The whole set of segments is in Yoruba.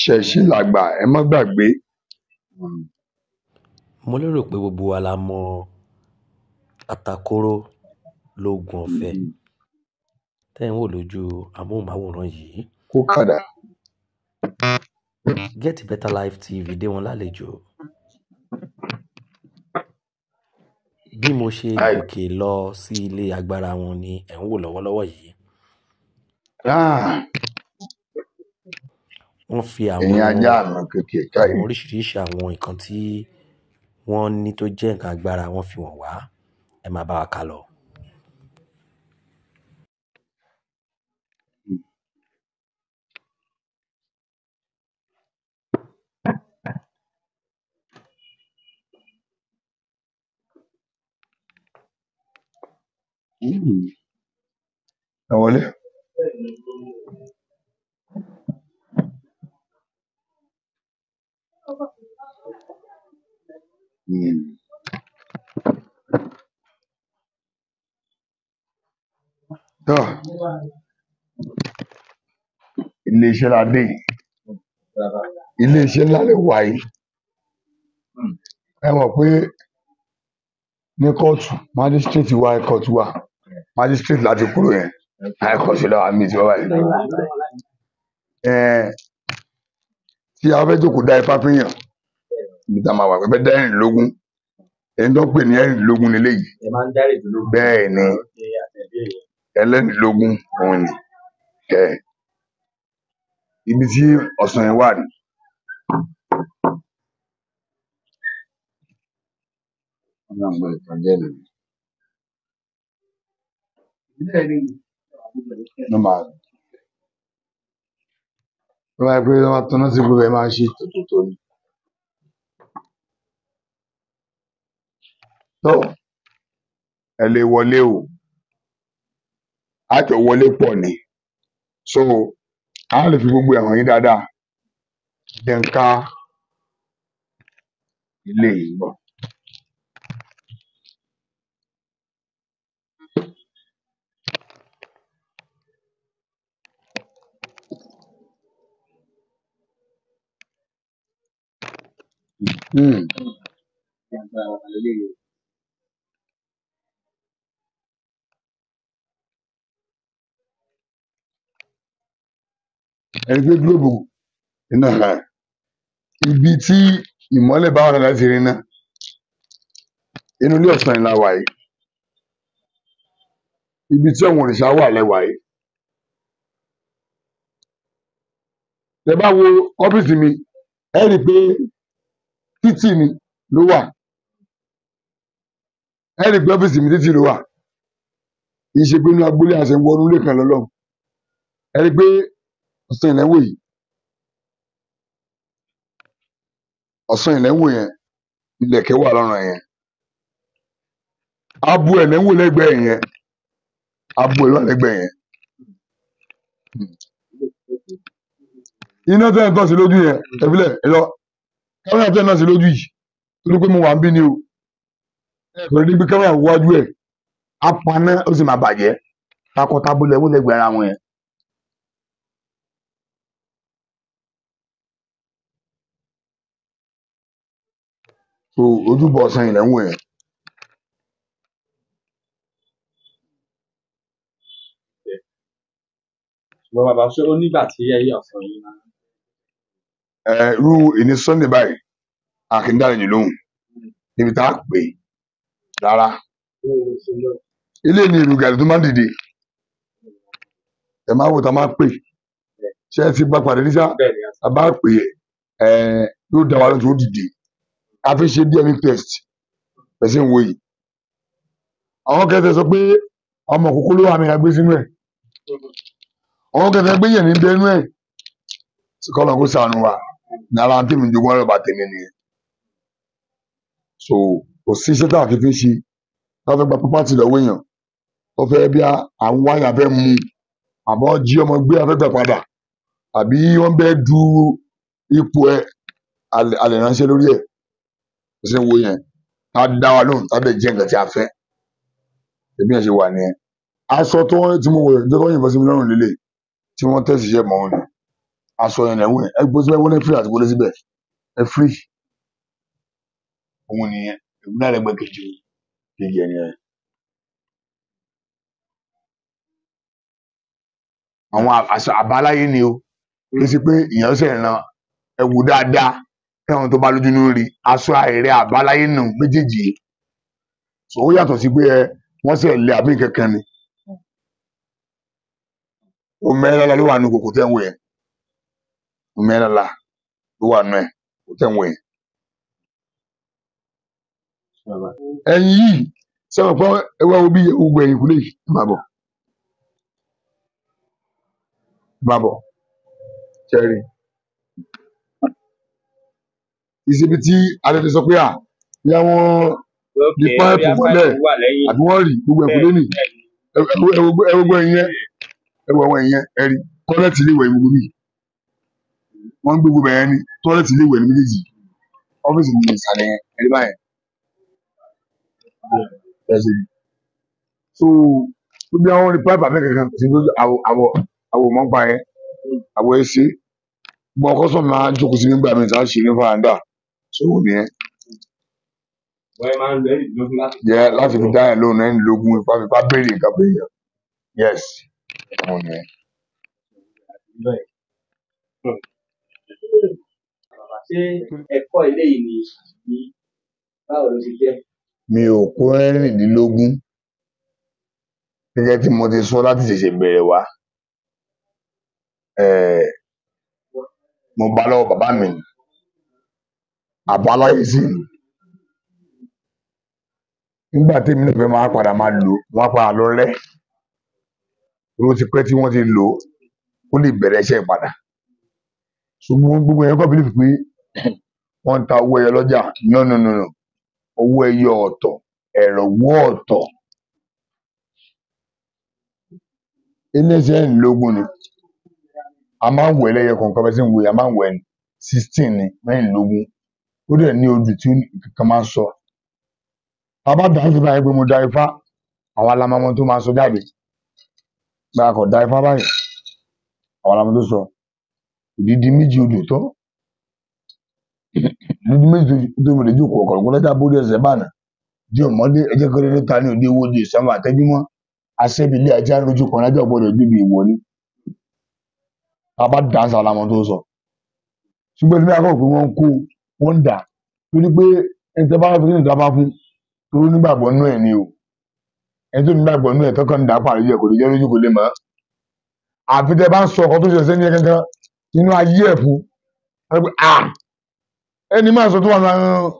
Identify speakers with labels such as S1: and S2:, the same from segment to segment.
S1: ìṣẹ̀ṣe làgbà ẹ má gbàgbé. mo lérò pé gbogbo wa la mọ atakóró lóògùn ọ̀fẹ́ mm-hmm. tẹ́ ń wò lójú amóhùnmáwòrán yìí. kó kàdà. Get Better Life TV dé wọn lálejò. bí mo ṣe gòkè lọ sí ilé agbára wọn ni ẹ̀ ń wò lọ́wọ́lọ́wọ́ yìí. Ah wọ́n fi àwọn ẹ̀yin ajá àná kékeré káyé oríṣiríṣi àwọn nǹkan tí wọ́n ní tó jẹ́ nǹkan agbára wọ́n fi wọ́n wá ẹ máa bá wa kà lọ. ẹ wọlé. Mm. tó iléeṣẹ́ la dé yìí iléeṣẹ́ ńlá lè wà yìí ẹ mọ̀ pé ní kóòtù májísírèètì wa kóòtù wa májísírèètì láti kúrò yẹn àìkọ́sílẹ̀ àmì ìjọba yìí tí a fẹ́ jókòó dá ifá fún yàn ibi tá a máa wà pé fẹ́ dá ẹ̀rìnlógún ẹni tó ń pè ní ẹ̀rìnlógún leléyìí bẹ́ẹ̀ ni ẹlẹ́rìnlógún òun ni kẹ ibi tí ọ̀sán yẹn wà ní. No ló máa pé wọ́n tanná sí gbogbo ẹ̀ tudo então ele ni. tó ẹ o àjọ wọlé pọ̀ ni so a lè fi gbogbo ẹ̀wọ̀n yín dáadáa jẹ́ ń Ìjàǹbá ọ̀nà leléyìí o. Ẹni tó gílóòbù iná rà ibi tí ìmọ́lẹ̀ bá wà náà láti ríná. Inú ilé ọ̀sán yìí la wà yìí. Ibi tí àwọn òrìṣà wà lẹ yìí. Tẹ bá wo ọ́fíìsì mi, ẹ́ rí i pé títì ni ló wà ẹ̀rì pé ọ́fíìsì mi títì ló wà kì í ṣe pé inú agboolé àṣẹ ń wọnú lẹ́kàn lọ́lọ́run ẹ̀rì pé ọ̀sán ìlẹ́wò yìí ọ̀sán ìlẹ́wò yẹn ilẹ̀kẹ̀ wà lọ́rùn yẹn abu ẹ̀lẹ́wò lẹ́gbẹ̀ẹ́ yẹn abu ẹ̀lẹ́wò lẹ́gbẹ̀ẹ́ yẹn hmm. iná tẹ́ ẹ̀ tọ́ sí lójú yẹn ẹ̀fílẹ̀ ẹ̀ lọ kámẹ́rà tẹ̀ náà sí lójú yìí torí pé mo wà ń bí ni o ẹ̀fọ́ ní pé kámẹ́rà wájú ẹ̀ á paná ó sì máa bàjẹ́ takọtabo lẹ́wọ́ lẹ́gbẹ̀ẹ́ ara wọn yẹn. so ojúbọ ọ̀sán ilẹ̀ ń wọ̀ yẹn. bàbá ṣé ó nígbà tí ẹ yẹ ọ̀sán yìí máa irú ìní sunday báyìí àkíndáre yìí lóhùn níbi tá a pè rárá ilé ni ìlú gàdí tó máa ń dìde ẹ máa wò tá a máa pè ṣé ẹ ti gba pàdé níta a bá pè ẹ yóò dá wa lóhùn tó dìde a fi ṣe DNA test pẹ̀sìn wo yìí àwọn kẹtẹ sọ pé ọmọ òkókó ló wà mí agbé sínú ẹ àwọn kẹtẹ gbé yẹn ní bẹnu ẹ kọlọ kó sànù wa lára tí mi jogún ọlọ́ba tèmi nìyẹn so kò sí iṣẹ́ tá a fi fi ṣe tá a fẹ́ gba property lọ́wọ́ èèyàn tó fẹ́ bí àwọn wáyà fẹ́ mu àbọ̀ jí ọmọ gbé afẹ́fẹ́ padà àbí wọ́n bẹ́ẹ̀ du ipò ẹ̀ alẹ́ ránṣẹ́ lórí ẹ̀ kò sí wo yẹn tá a dá wa lóhùn tá a bẹ̀ jẹ́ nǹkan tí a fẹ́ ẹbí yẹn ṣe wà nìyẹn aṣọ ti mú wọ̀ ẹ̀ tó wọ́n yìnbọn sí mi lọ́rùn lélẹ̀ tí wọ́n tẹ̀síṣẹ́ mọ́ wọn nìyẹn aṣọ yẹn lẹ́wọ̀n ẹ gbọ́ síbẹ̀ wọ́n ní free àti wọlé síbẹ̀ ẹ free òun nìyẹn ìgbìmọ̀ àrẹ̀gbẹ́ kejì kejì ẹ̀ nìyẹn. àwọn àbáláyé ni o kí sí pé ìyẹn ṣe ìran ẹwù dáadáa ẹ̀wọ̀n tó bá lójú ní rí aṣọ àìrẹ́ àbáláyé nù méjèèjì so ó yàtọ̀ sí pé ẹ wọ́n sì lé àbí kankan ni. ó mẹ́rẹ́lá ló wà ní kòkòtò ẹ̀wọ̀n yẹn mẹ́rìnlá ló wà nù ẹ̀ ó tẹ̀ wọ̀nyí. ẹ̀yìn yìí sẹ́wọ̀n pọ́ ẹ wá wo bí gbogbo ẹ̀yìn kúlẹ̀ yìí ẹ máa bọ̀ ẹ máa bọ̀ kẹrì ìṣebi tí alẹ́ ti sọ pé à bí àwọn nípa ẹ̀fọ́ mọ́lẹ̀ àbí wọ́n rì gbogbo ẹ̀kú lónìí ẹ gbogbo ẹ̀yìn yẹn ẹ wọ àwọn ẹ̀yìn yẹn ẹ wọ́n ń gbé gbogbo ẹ̀yẹn ní tọ́lẹ̀tì ilé ìwẹ̀ ní méjèèjì ọ́fíìsì ní ìsàlẹ̀ yẹn ẹ̀rí báyẹn. so gbogbo àwọn ní pipe àfẹ́ kankan kò sí gbogbo àwọ̀ àwọ̀ àwọ̀ mọ́ pa yẹn àwọ̀ ẹ̀ ṣe gbọ́ ọkọ sọ̀rọ̀ máa jókòó sí nígbà mi sáà ṣe ní fàáńdà ṣòwò nìyẹn. yẹ láti fi dá ẹ lóhùn ẹni lógún ipá fipá béèrè nǹkan bẹ́ẹ̀ yẹn yes ṣòwò nìyẹn ṣé ẹ̀kọ́ ilé yìí ni àbí báwo ló ti jẹ́. mi ò kó rẹ́rìndínlógún gẹ́gẹ́ tí mo ti sọ láti ṣẹ̀ṣẹ̀ bẹ̀rẹ̀ wá mo bá lọ́wọ́ bàbá mi ni àbá láyé sí ni nígbà tèmi náà fẹ́ máa padà máa lò wọ́n padà lọ rẹ́ ló ti pẹ́ tí wọ́n ti lò ó lè bẹ̀rẹ̀ iṣẹ́ padà ṣùgbọ́n gbogbo ẹ̀kọ́ bílíìfù pé wọ́n ń ta owó ẹyọ lọ́jà no no no no owó ẹyọ ọ̀tọ̀ ẹ̀rọ̀wó ọ̀tọ̀ ẹlẹ́sìn lógún ni a máa ń wọ ẹlẹ́yẹ kọ̀ọ̀kan bẹ́ẹ̀ sì ń wọ a máa ń wọ ẹni sixteen ni mẹ́rìnlógún ó dẹ̀ ní odù tí kankan máa ń sọ bàbá dàáfì báyìí pé mo da ifá àwa la máa mọ tó máa sọ jáde bá a kò da ifá báyìí àwa la máa tó sọ ìdí di méjì odò tán lójú méjì tó mèrè jù kọ̀ọ̀kan kó lẹ́tà bóde ẹsẹ̀ bánà di ọmọdé ẹjẹ́ kẹrẹ́ ló ta ní òde owó ojú ìsánmà àtẹ́júmọ́ asẹ́bílẹ̀ ajá ń rojú kan lájọ́ gbọ́dọ̀ débi ìwọ ni bàbá dà ń sàlámọ́ tó sọ ṣùgbọ́n ìdílé akọ́kọ́ pé wọ́n ń kó wọ́n ń dà torí pé ẹni tẹ́ bá wà fún ìdábá fún torí nígbàgbọ́ nú ẹ̀ ni o ẹni tó nígbàgbọ́ nú ẹ̀ tọ́kàn ń dà pàrí jẹ kò lè jẹ́ lójú kò lè mọ́ àfi tẹ́ bá ń sọ ọkọ tó ṣe sẹ́ni kankan nínú ayé ẹ̀ fún ẹ pé ah ẹni máa sọ tó wà ní àwọn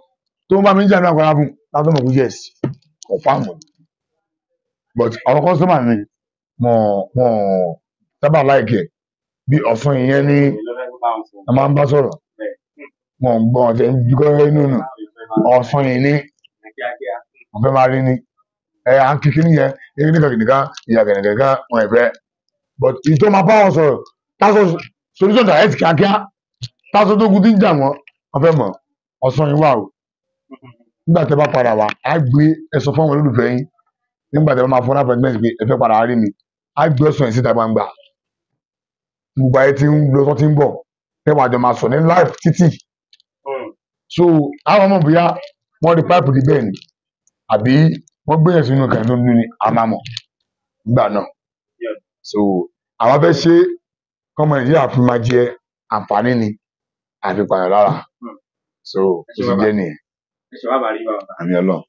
S1: tó ń bá mi ń jẹ́ ní àkọ́lá fún látọ̀ mọ̀ kó yes confam but àwọn kọ́sọ́mà mi mọ̀ mọ̀ sábà láìkẹ̀ bí ọ̀fun ìyẹn ní a máa ń bá sọ̀rọ̀ mọ̀ ń gbọ́n ọ̀tẹ̀ gbígbọ́ inú nù ọ̀fun yìí ní ọ̀fẹ́ máa rí ní ẹ̀ à ń kíkí nìyẹn èyí nìkan nìkan ìyá kẹ̀kẹ̀kẹ̀ wọn ẹ̀fẹ́ but ìtọ́ máa bá wọn sọ̀rọ̀ táṣọ solution direct kíákíá táṣọ tó kú ti ń jà wọ́n wọ́n fẹ́ mọ̀ ọ̀sán yín wà o nígbà tẹ́ bá padà wá á gbé ẹ̀sọ́ fún àwọn olólùfẹ́ yín nígbà tẹ́ bá máa fún ní appointment pé ẹ fẹ́ padà rí mi á gbé ọ̀sán yín síta gbangba gbogbo ayé tí ń lọ tó ti ń bọ̀ ẹ wàá jọ máa sọ ní live títì so àwọn ọmọ bóyá wọ́n rí páìpù rí bẹ́ẹ̀ ni àbí wọ́n gbéyàn sínú kan tó ń dún ní àmàmọ̀ nígbà náà so àwọn fẹ́ ṣe kọ́mọ nàìjíríà fi máa jẹ àǹfààní ni àfipáyọ lára hmm. so ó ti jẹ́ nìyẹn àmì Ọlọ́run.